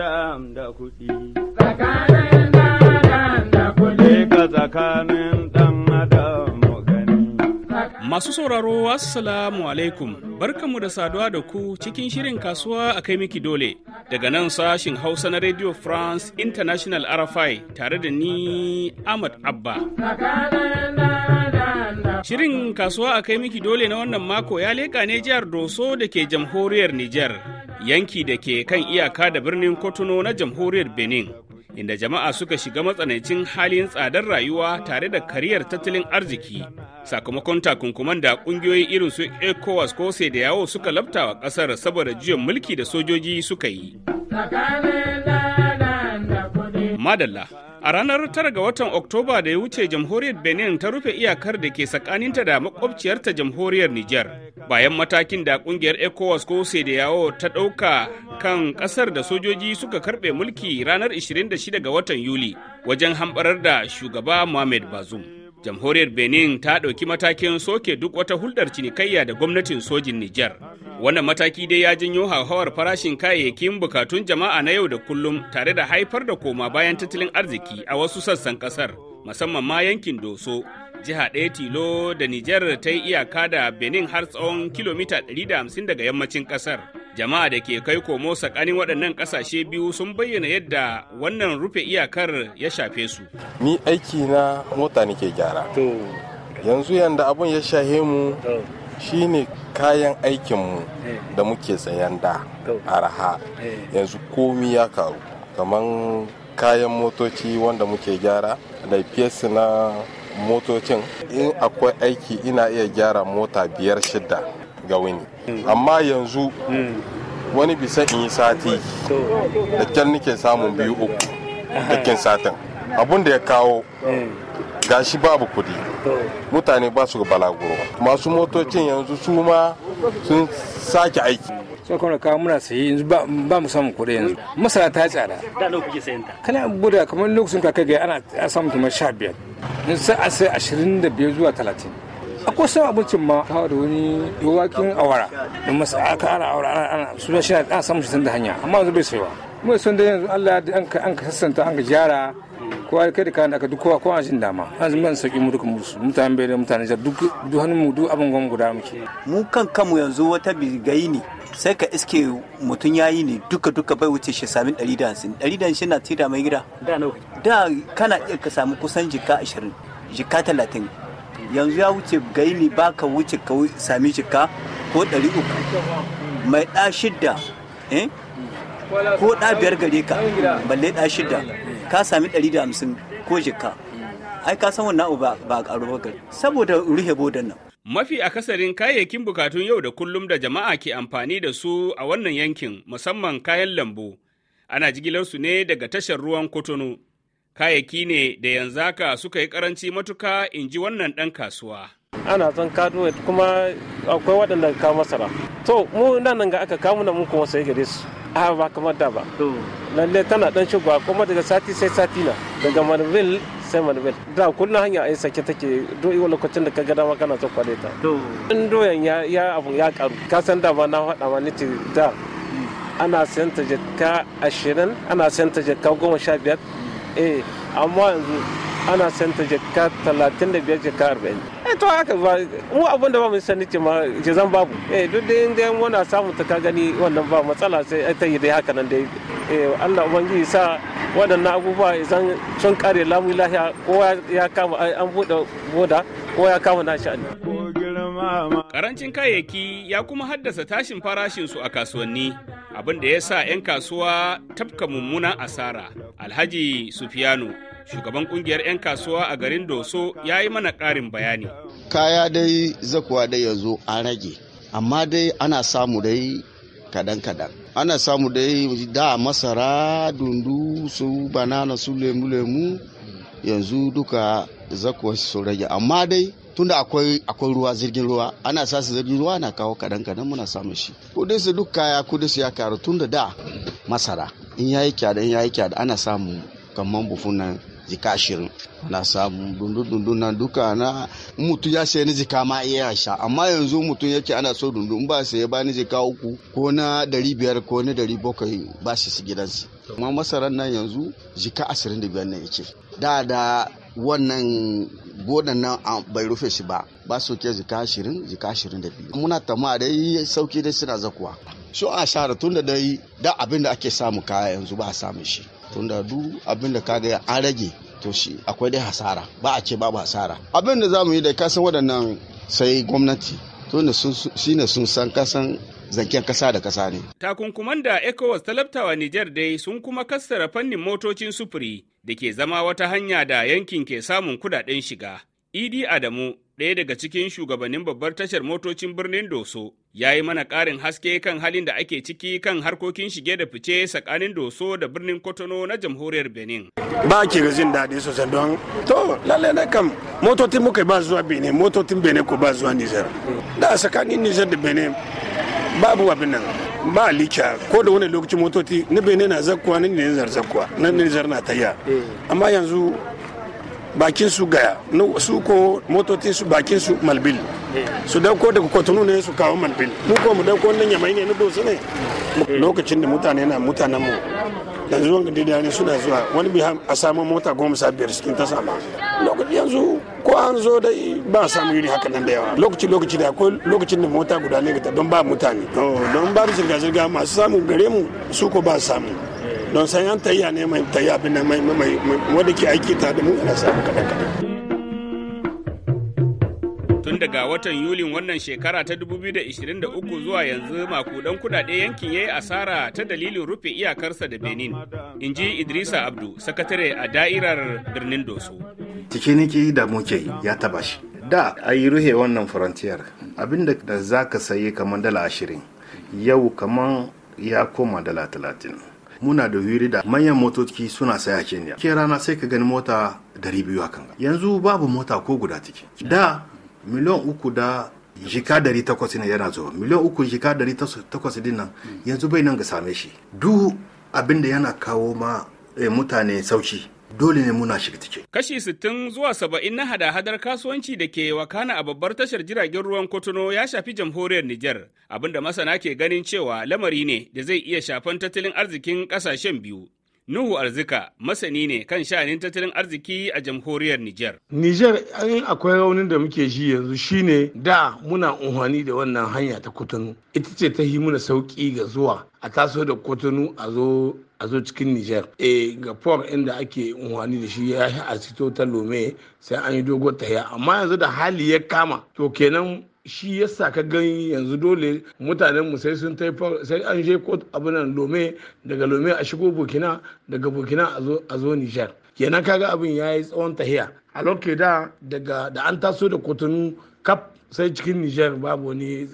dan da kuɗi. Tsakanin Masu sauraro, Assalamu alaikum. Barkanmu da saduwa da ku cikin shirin kasuwa a kai miki dole. Daga nan sashin Hausa na Radio France International RFI tare da ni Ahmad Abba. Shirin kasuwa a kai miki dole na wannan mako ya leƙa ne jihar Doso da ke jamhuriyar Nijar. yanki da ke kan iyaka da birnin kotono na jamhuriyar benin inda jama'a suka shiga matsanancin halin tsadar rayuwa tare da kariyar tattalin arziki sakamakon takunkuman da kungiyoyi irin su ecowas ko da yawo suka labtawa kasar saboda juyin mulki da sojoji suka yi madalla A ranar tara ga watan Oktoba da ya wuce jamhuriyar Benin ta rufe iyakar da ke tsakaninta da makwabciyarta jamhuriyar Nijar. Bayan matakin da kungiyar ECOWAS ko yawo ta ɗauka kan ƙasar da sojoji suka karɓe mulki ranar 26 ga watan Yuli wajen hamɓarar da shugaba Mohamed Bazoum. jamhuriyar benin ta ɗauki matakin soke duk wata hulɗar cinikayya da gwamnatin sojin nijar wannan mataki dai ya janyo hauhawar farashin kayayyakin bukatun jama'a na yau da kullum tare da haifar da koma bayan tattalin arziki a wasu sassan ƙasar musamman ma yankin doso jiha ɗaya tilo da nijar ta yi iyaka da benin har tsawon kilomita 150 daga yammacin ƙasar Jama'a da ke kai komo tsakanin waɗannan ƙasashe biyu sun bayyana yadda wannan rufe iyakar ya shafe su. Ni aiki na mota nake gyara. Yanzu yanda abun ya shahe mu shine kayan aikinmu eh. da muke sayan da araha eh. yanzu komi ya karu kamar kayan motoci wanda muke gyara da fiyesi na motocin in akwai aiki ina iya gyara mota biyar shidda ga wani amma yanzu wani bisa in yi sati da kyan nike samun biyu uku da kyan satin abun da ya kawo gashi babu kudi mutane ba su balaguro masu motocin yanzu su ma sun sake aiki sai kuma kawo muna sayi yanzu ba mu samun kuɗi yanzu masara ta tsada da nawa kuke sayan ta kana guda kamar lokacin kakai ga ana samun kamar 15 yanzu sai a sai 25 zuwa 30 a kusan abincin ma ta da wani yawakin awara da masu aka ara awara ana ana su da shi ana samun shi da hanya amma yanzu bai saiwa mai son da yanzu Allah ya an ka an ka sassanta an ka gyara kowa kai da kayan da aka duk kowa kowa jin dama an zama sauki mu duka musu mutane bai da mutane jar duk duk hannun mu duk abin gwamnati guda muke mu kan kanmu yanzu wata bigayi ne sai ka iske mutum ya yi ne duka duka bai wuce shi sami da 150 na tira mai gida da kana iya ka samu kusan jika ashirin jika talatin. yanzu ya wuce gaini ba ka wuce ka sami cika ko ɗari uku mai ɗa shidda eh? ko ɗa biyar gare ka balle ɗa shidda ka sami ɗari da hamsin ko jika ai ka san wannan ba a ƙaru ba gari saboda ruhe bodan nan Mafi akasarin kayayyakin bukatun yau da kullum da jama'a ke amfani da su a wannan yankin musamman kayan lambu ana jigilarsu ne daga tashar ruwan kotonu. kayayyaki ne da yanzu haka suka yi karanci matuka in ji wannan dan kasuwa. ana son kaduwa kuma akwai waɗanda ka masara to mu nan ga aka kamu na mun kuma sai gare su a ba kamar da ba lalle tana dan shugaba kuma daga sati sai sati na daga manville sai manville da kullum hanya ai sake take doi lokacin da ka ga dama kana zan kwale ta in doyan ya abu ya karu ka san da ba na faɗa ma ni da mm. ana sayan ta jaka ashirin ana sayan ta jaka goma sha biyar eh amma yanzu ana santa jaka talatin da biyar jaka arba'in eh to haka ba mu abin da ba mu sani ce ma jizan babu eh duk da inda muna samu ta ka gani wannan ba matsala sai ta yi dai haka nan dai eh Allah ubangiji sa waɗannan abubuwa idan sun kare lamu lahiya ko ya kama an buɗe boda ko ya kama na sha'ani Karancin kayayyaki ya kuma haddasa tashin farashin su a kasuwanni. abin da ya sa 'yan kasuwa tafka mummunan asara alhaji sufiyano shugaban kungiyar 'yan kasuwa a garin doso ya yi mana ƙarin bayani kaya dai zakuwa dai yanzu an rage amma dai ana samu dai kadan-kadan ana samu dai da masara dundu su banana su lemu-lemu yanzu duka zakuwa su rage amma dai tunda akwai akwai ruwa zirgin ruwa ana sa su zirgin ruwa na kawo kadan kadan muna samun shi kudin su duk kaya kudin su ya karu tunda da masara in yayi kyada in yayi kyada ana samu kamar bufun nan jika ashirin na samu dundun dundun na duka na mutum ya sayi jika ma iya sha amma yanzu mutum yake ana so dundun in ba sai ya ni jika uku ko na dari biyar ko na dari bakwai ba shi su gidansu amma masarar nan yanzu jika ashirin da biyar ne yake da da wannan gonan nan ah, bai rufe shi ba ba su ke jika ashirin jika ashirin da biyu muna tama dai sauki dai suna zakuwa su a shara tun da dai da abin da ake samu kaya yanzu ba a samu shi tun da duk abin da kaga an rage to shi akwai dai hasara ba a ce babu hasara abin da za mu yi da kasan waɗannan sai gwamnati to ne sun san kasan zancen kasa da kasa ne. Takunkuman da ECOWAS talabtawa Nijar dai sun kuma kassara fannin motocin sufuri da ke zama wata hanya da yankin ke samun kudaden shiga. Idi Adamu, ɗaya daga cikin shugabannin babbar tashar motocin birnin Doso, ya yi mana ƙarin haske kan halin da ake ciki kan harkokin shige da fice tsakanin Doso da birnin Kotono na jamhuriyar Benin. Ba ke ga jin daɗi sosai don to lalle na kam motocin muka ba zuwa Benin motocin Benin ko ba zuwa Nijar. Da tsakanin Nijar da Benin babu abin nan ba lika ko da wani lokacin motoci na bene na zakkuwa na zar zakkuwa na zar na tayya eh. amma yanzu bakin su gaya su ko motocin su bakin su malbil eh. su dauko daga kwatunu ne su kawo malbil mu ko mu dauko wannan yamai ne na dosu ne eh. lokacin da mutane na mutanen mu yanzu wanga da ne suna zuwa wani bi a samu mota goma sha biyar cikin ta sama yanzu ko an zo da ba samu yuri haka nan da yawa lokaci lokaci da ko lokacin da mota guda ne ta don ba mutane oh, don ba zirga zirga masu samu gare mu su ko ba samu don san yan tayya ne mai tayya bin da mai mai wanda ke aiki ta da mu ina samu kada kada tun daga watan yulin wannan shekara ta 2023 zuwa yanzu makudan kudade yankin yayi asara ta dalilin rufe iyakarsa da benin in ji idrisa abdu sakatare a da'irar birnin doso tikiniki da muke ya taba shi da a yi ruhe wannan frontier abinda da za ka sayi kamar dala ashirin yau kamar ya koma dala talatin muna da wuri da manyan motoci suna saya kenya ke rana sai ka gani mota dari biyu hakan yanzu babu mota ko guda ciki da miliyan uku da jika dari takwas ne yana zuwa miliyan uku jika dari takwas din nan yanzu bai nan ga same shi duk abinda yana kawo ma eh, mutane sauki dole ne muna shiga ciki. Kashi 60 zuwa saba'in na hada-hadar kasuwanci da ke wakana a babbar tashar jiragen ruwan Kotono ya shafi jamhuriyar Nijar, abinda masana ke ganin cewa lamari ne da zai iya shafan tattalin arzikin kasashen biyu. Nuhu Arzika masani ne kan sha'anin tattalin arziki a jamhuriyar Nijar. Nijar an akwai raunin da muke ji yanzu shine da muna unhani da wannan hanya ta kotunu. Ita ce ta yi muna sauki ga zuwa a taso da kotunu a zo a zo cikin Nijar. Eh, ga port inda ake unhani da shi ya yi a ta lome sai an yi dogon tahiya amma yanzu da hali ya kama to kenan shi yasa ka gani yanzu dole mutanen mu sai sun sai an je ko abunan lome daga lome a shigo burkina daga burkina a zo nijar kenan kaga abin ya yi tsawon tahiya a lokaci da daga da an taso da kotunu kap sai cikin nijar babu wani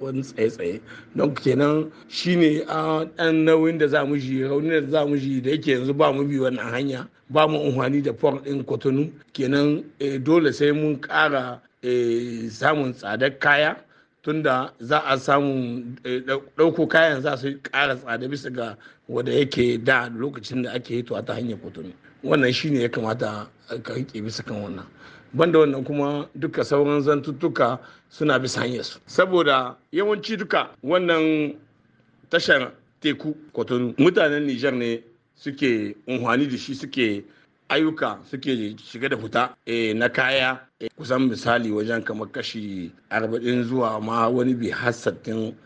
wani tsaye-tsaye don kenan shine a ɗan nauyin da za mu ji raunin da za mu ji da yake yanzu ba mu bi wannan hanya ba mu amfani da port ɗin kotunu kenan eh, dole sai mun kara. Eh, samun tsadar kaya tunda za a samu eh, ɗauko kayan za su ƙara tsada bisa ga wanda yake da lokacin da ake hitowa ta hanyar kotun wannan shi ne ya kamata ka rike bisa kan wannan banda wannan kuma duka sauran zantuttuka suna bisa hanyar su saboda yawanci duka wannan tashar teku kotonu mutanen nijar ne suke unhwani da shi suke ayyuka suke shiga da fita eh, na kaya eh, kusan misali wajen kamar kashi arba'in zuwa ma wani bi hasattin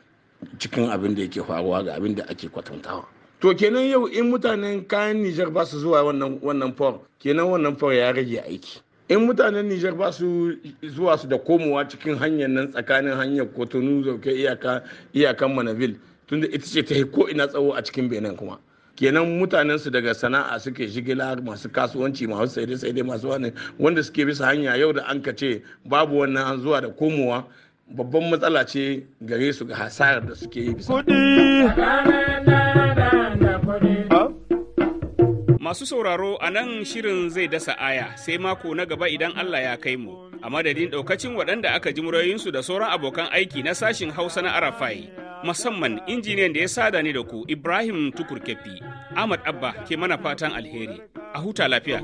cikin abin da yake faruwa ga abin da ake kwatantawa to kenan yau in mutanen kayan nijar ba su zuwa wannan for kenan wannan for ya rage aiki in mutanen nijar ba su zuwa su da komowa cikin hanyar nan tsakanin hanyar kotonu zauke iyakan manavil tunda ita ce ta ko ina tsawo a cikin benin kuma kenan mutanen su daga sana'a suke shigila masu kasuwanci masu sai dai masu wani wanda suke bisa hanya yau da an ce babu wannan an zuwa da komowa babban matsala ce gare su ga hasarar da suke yi bisa Masu sauraro a nan shirin zai dasa aya sai mako na gaba idan Allah ya kai mu. A madadin daukacin waɗanda aka ji murayinsu da sauran abokan aiki na sashin Hausa na Arafai. musamman injiniyan da ya sada ni da ku Ibrahim Tukur Ahmad Abba ke mana fatan alheri. A huta lafiya.